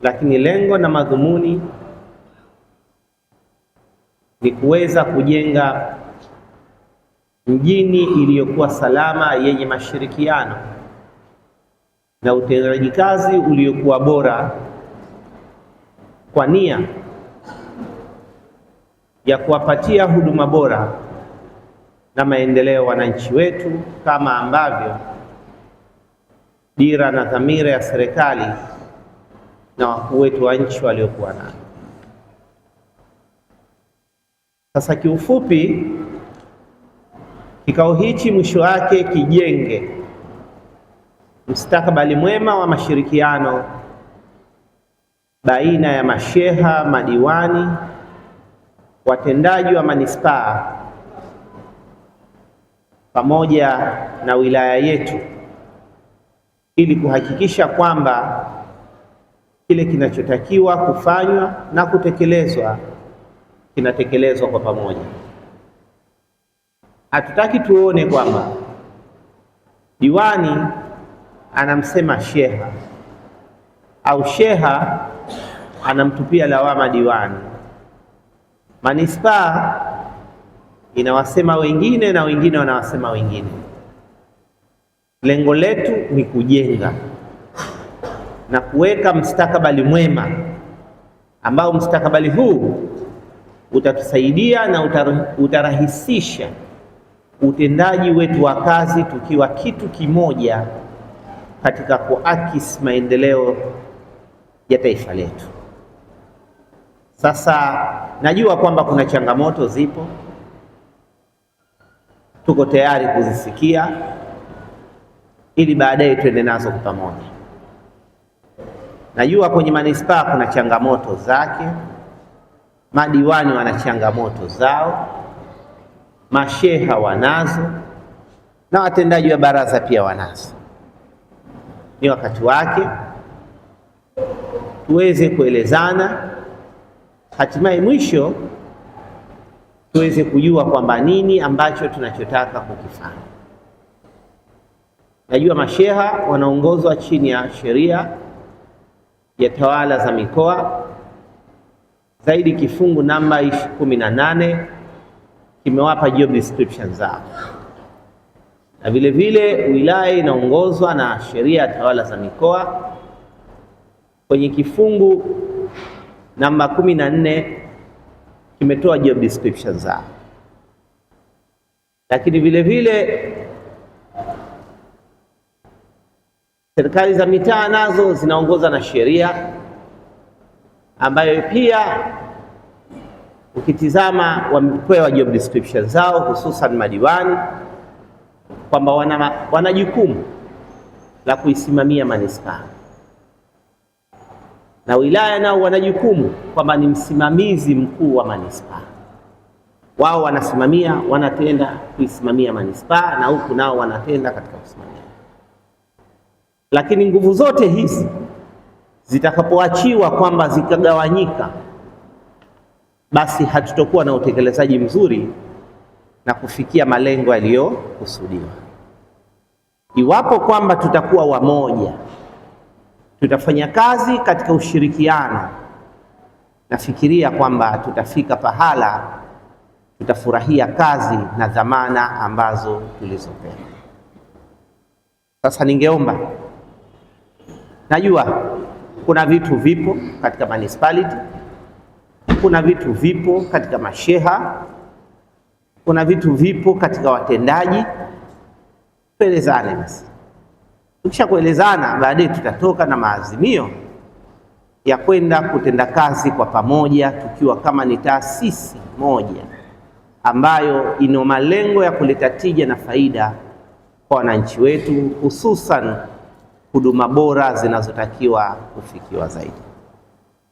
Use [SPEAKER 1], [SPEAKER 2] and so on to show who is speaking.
[SPEAKER 1] Lakini lengo na madhumuni ni kuweza kujenga mjini iliyokuwa salama yenye mashirikiano na utendaji kazi uliokuwa bora kwa nia ya kuwapatia huduma bora na maendeleo wananchi wetu kama ambavyo dira na dhamira ya serikali na wakuu wetu wa nchi waliokuwa nayo. Sasa kiufupi, kikao hichi mwisho wake kijenge mustakabali mwema wa mashirikiano baina ya masheha, madiwani, watendaji wa manispaa pamoja na wilaya yetu ili kuhakikisha kwamba kile kinachotakiwa kufanywa na kutekelezwa kinatekelezwa kwa pamoja. Hatutaki tuone kwamba diwani anamsema sheha au sheha anamtupia lawama diwani, manispaa inawasema wengine na wengine wanawasema wengine. Lengo letu ni kujenga na kuweka mstakabali mwema ambao mstakabali huu utatusaidia na utar utarahisisha utendaji wetu wa kazi tukiwa kitu kimoja katika kuakisi maendeleo ya taifa letu. Sasa najua kwamba kuna changamoto zipo, tuko tayari kuzisikia ili baadaye tuende nazo kwa pamoja. Najua kwenye manispaa kuna changamoto zake, madiwani wana changamoto zao, masheha wanazo, na watendaji wa baraza pia wanazo. Ni wakati wake tuweze kuelezana, hatimaye mwisho tuweze kujua kwamba nini ambacho tunachotaka kukifanya. Najua masheha wanaongozwa chini ya sheria ya tawala za mikoa, zaidi kifungu namba 18 kimewapa job description zao, na vile vile wilaya inaongozwa na sheria ya tawala za mikoa kwenye kifungu namba 14 kimetoa job description zao, lakini vile vile Serikali za mitaa nazo zinaongoza na sheria ambayo pia ukitizama wamepewa job description zao, hususan madiwani kwamba wana, wana jukumu la kuisimamia manispaa na wilaya, nao wana jukumu kwamba ni msimamizi mkuu wa manispaa. Wao wanasimamia wanatenda kuisimamia manispaa, na huku nao wanatenda katika kusimamia lakini nguvu zote hizi zitakapoachiwa kwamba zikagawanyika, basi hatutokuwa na utekelezaji mzuri na kufikia malengo yaliyokusudiwa. Iwapo kwamba tutakuwa wamoja, tutafanya kazi katika ushirikiano, nafikiria kwamba tutafika pahala tutafurahia kazi na dhamana ambazo tulizopewa. Sasa ningeomba Najua kuna vitu vipo katika municipality, kuna vitu vipo katika masheha, kuna vitu vipo katika watendaji. Tuelezane basi, tukisha kuelezana, baadaye tutatoka na maazimio ya kwenda kutenda kazi kwa pamoja, tukiwa kama ni taasisi moja ambayo ina malengo ya kuleta tija na faida kwa wananchi wetu hususan huduma bora zinazotakiwa kufikiwa zaidi.